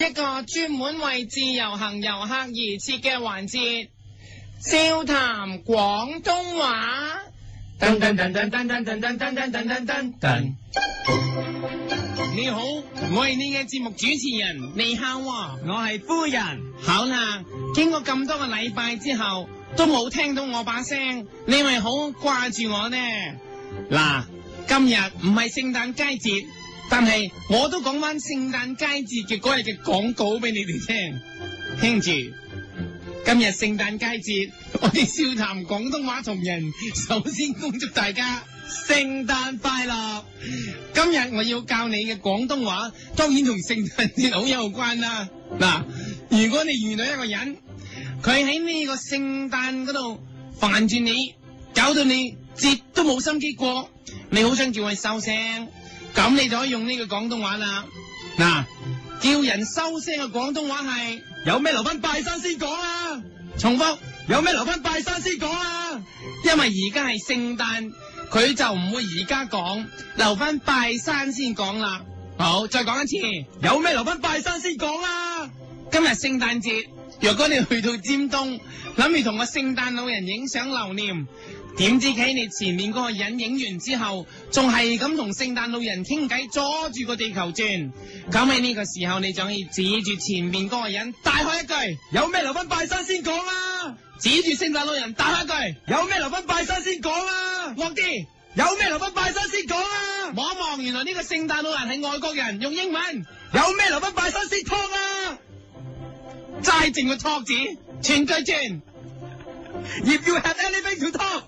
一個專門為自由行遊客而設嘅環節，笑談廣東話。你好，我係你嘅節目主持人李孝華，我係夫人。好啦，經過咁多個禮拜之後，都冇聽到我把聲，你咪好掛住我呢？嗱，今日唔係聖誕佳節。但係我都講翻聖誕佳節嘅嗰日嘅廣告俾你哋聽，聽住今日聖誕佳節，我哋笑談廣東話同人，首先恭祝大家聖誕快樂。今日我要教你嘅廣東話，當然同聖誕節好有關啦。嗱，如果你遇到一個人，佢喺呢個聖誕嗰度煩住你，搞到你節都冇心機過，你好想叫佢收聲。咁你就可以用呢個廣東話啦。嗱，叫人收聲嘅廣東話係，有咩留返拜山先講啦，啊。重複，有咩留返拜山先講啊？因為而家係聖誕，佢就唔會而家講，留返拜山先講啦。好，再講一次，有咩留返拜山先講啊？今日聖誕節，若果你去到尖東，諗住同個聖誕老人影相留念。點知企你前面嗰個人影完之後，仲係咁同聖誕老人傾偈，阻住個地球轉。咁喺呢個時候，你就可以指住前面嗰個人，大喊一句：有咩留翻拜山先講啊？指住聖誕老人，大喊一句：有咩留翻拜山先講啊？惡啲，有咩留翻拜山先講啊？望一望，原來呢個聖誕老人係外國人，用英文：有咩留翻拜山先 talk 啊！齋淨個 talk 字，全句轉。 If you have anything to talk。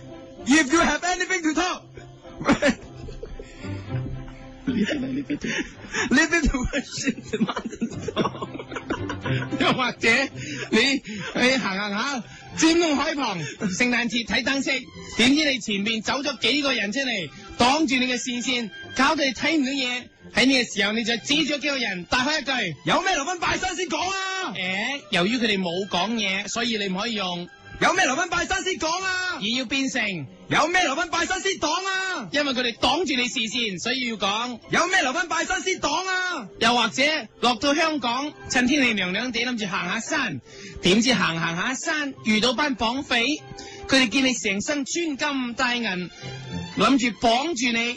If you have anything to talk，又或者你你行行下，尖東海旁，聖誕節睇燈飾，點知你前面走咗幾個人出嚟，擋住你嘅視線，搞到你睇唔到嘢。喺呢個時候，你就指咗幾個人，大開一句：有咩留返拜山先講啊！誒，eh, 由於佢哋冇講嘢，所以你唔可以用。有咩留返拜山先講啊！而要變成有咩留返拜山先擋啊！因為佢哋擋住你視線，所以要講有咩留返拜山先擋啊！又或者落到香港，趁天氣涼涼哋諗住行下山，點知行行下山遇到班綁匪，佢哋見你成身穿金戴銀，諗住綁住你，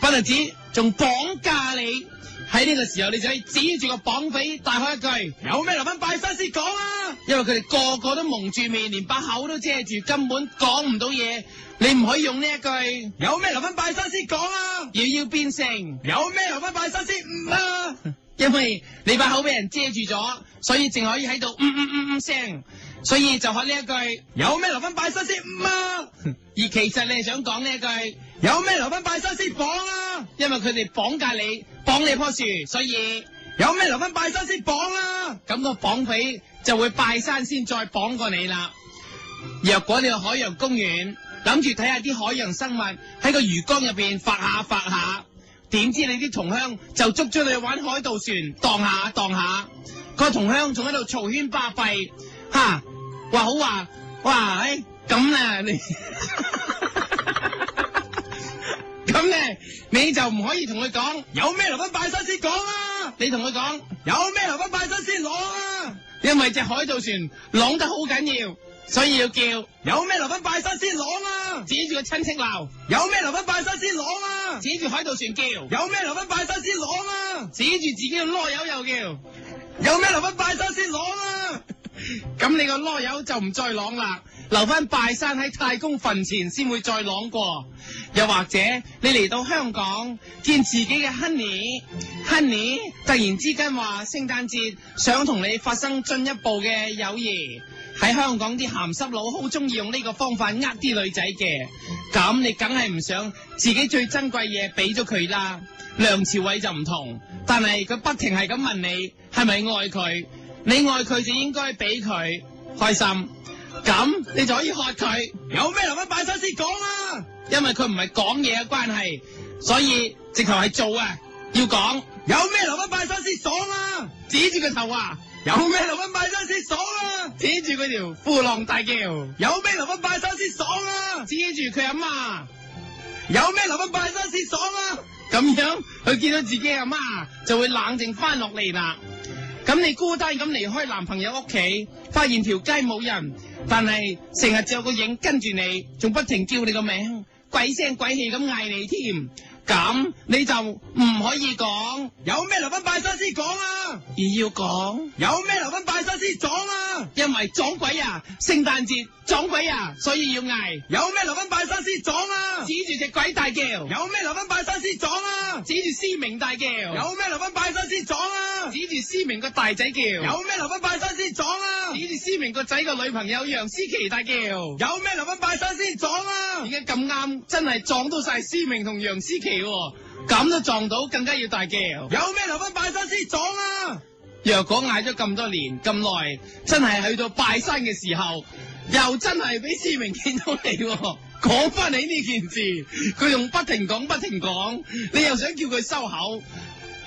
不單止仲綁架你。喺呢個時候，你就可以指住個綁匪，大喊一句：有咩留返拜山先講啊！因為佢哋個個都蒙住面，連把口都遮住，根本講唔到嘢。你唔可以用呢一句：有咩留返拜山先講啊！而要，要變成有咩留返拜山先唔啊！因為你把口俾人遮住咗，所以淨可以喺度嗯嗯嗯嗯聲，所以就學呢一句： 有咩留返拜山先唔啊！而其實你係想講呢一句：有咩留返拜山先講、啊。 啊。因為佢哋綁架你，綁你棵樹，所以有咩留返拜山先綁啦。咁個綁匪就會拜山先再綁過你啦。若果你去海洋公園，諗住睇下啲海洋生物喺個魚缸入邊發下發下，點知你啲同鄉就捉咗你玩海盜船盪下盪下，個同鄉仲喺度嘈喧巴閉，吓話好話，我話哎咁啊你。咁你你就唔可以同佢講，有咩留返拜山先講啊？你同佢講，有咩留返拜山先攞啊？因為隻海盜船攞得好緊要，所以要叫，有咩留返拜山先攞啊？指住個親戚鬧，有咩留返拜山先攞啊？指住海盜船叫，有咩留返拜山先攞啊？指住自己個囉柚又叫， 有咩留返拜山先攞啊？咁 你個囉柚就唔再攞啦。留返拜山喺太公墳前先會再啷過，又或者你嚟到香港見自己嘅 Honey，Honey 突然之間話聖誕節想同你發生進一步嘅友誼，喺香港啲鹹濕佬好中意用呢個方法呃啲女仔嘅，咁你梗係唔想自己最珍貴嘢俾咗佢啦。梁朝偉就唔同，但係佢不停係咁問你係咪愛佢，你愛佢就應該俾佢開心。咁你就可以喝佢， 有咩留返拜山先講啦！因為佢唔係講嘢嘅關係，所以直頭係做啊。要講，有咩留返拜山先爽啊？指住個頭啊。有咩留返拜山先爽啊？指住佢條褲浪大叫。有咩留返拜山先爽啊？指住佢阿媽。有咩留返拜山先爽啊？咁樣佢見到自己阿媽就會冷靜返落嚟啦。咁你孤單咁離開男朋友屋企，發現條街冇人。但係成日有個影跟住你，仲不停叫你個名，鬼聲鬼氣咁嗌你添，咁你就唔可以講，有咩留返拜山先講啊！而要講，有咩留返拜山先撞啊！因為撞鬼啊，聖誕節撞鬼啊，所以要嗌，有咩留返拜山先撞啊！指住隻鬼大叫，有咩留返拜山先撞啊！指住思明大叫，有咩留返拜山先撞啊！指住思明個大仔叫，有咩留返拜山先撞啊！指住思明個仔個女朋友楊思琪大叫，有咩留返拜山先撞啊！而家咁啱，真係撞到晒思明同楊思琪喎，咁都撞到，更加要大叫，有咩留返拜山先撞啊！若果嗌咗咁多年咁耐，真係去到拜山嘅時候，又真係俾思明見到你、哦，講翻你呢件事，佢仲不停講不停講，你又想叫佢收口，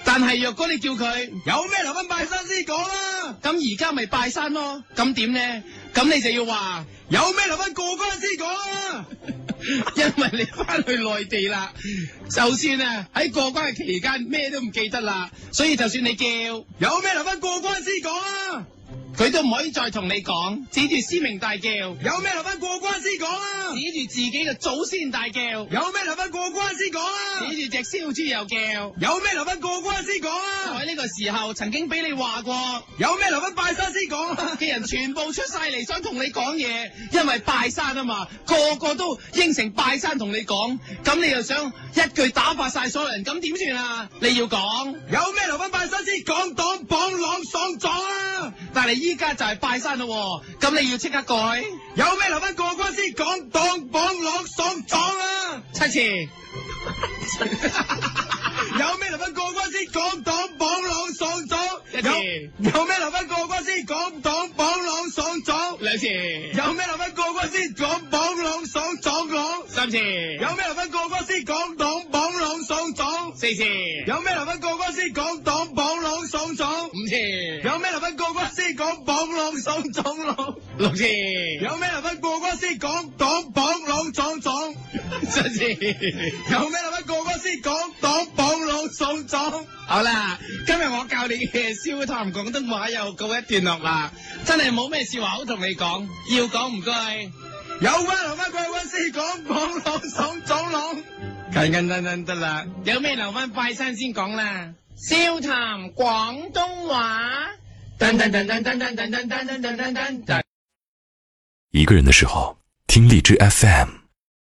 但係若果你叫佢有咩留返拜山先講啦，咁而家咪拜山咯，咁點呢？咁你就要話，有咩留翻過關先講啊， 因為你翻去內地啦，就算啊喺過關嘅期間咩都唔記得啦，所以就算你叫有咩留翻過關先講啊。佢都唔可以再同你講，指住師明大叫，有咩留返過關先講啊？指住自己嘅祖先大叫，有咩留返過關先講啊？指住隻燒豬又叫，有咩留返過關先講啊？就喺呢個時候曾經俾你話過，有咩留返拜山先講啦！嘅人全部出晒嚟，想同你講嘢， 因為拜山啊嘛，個個都應承拜山同你講，咁你又想一句打發晒所有人，咁點算啊？你要講，有咩留返拜山先講？擋綁朗爽撞啊！但係。依家就係拜山咯，哦，咁你要即刻改。有咩留返過關先講黨綁朗爽壯啊，七次 有哥哥。有咩留返過關先講黨綁朗爽壯，一次有。有咩留返過關先講黨綁朗爽壯，兩次。 有咩留返過關先講綁朗爽壯，三次。 有咩留返過關先講黨綁朗爽壯，四次。有咩留返過關先講黨綁朗爽壯。講榜朗送撞朗六字，有咩留返過關先講？講榜朗撞撞，有咩留返過關先講？講榜朗送撞好啦，今日我教你嘅笑談廣東話又告一段落啦，真係冇咩笑話好同你講，要講唔該，有咩留返過關先講？講榜朗送撞朗，簡簡單單得啦，有咩留返拜山先講啦，笑談廣東話。一個人的時候，聽荔枝 FM。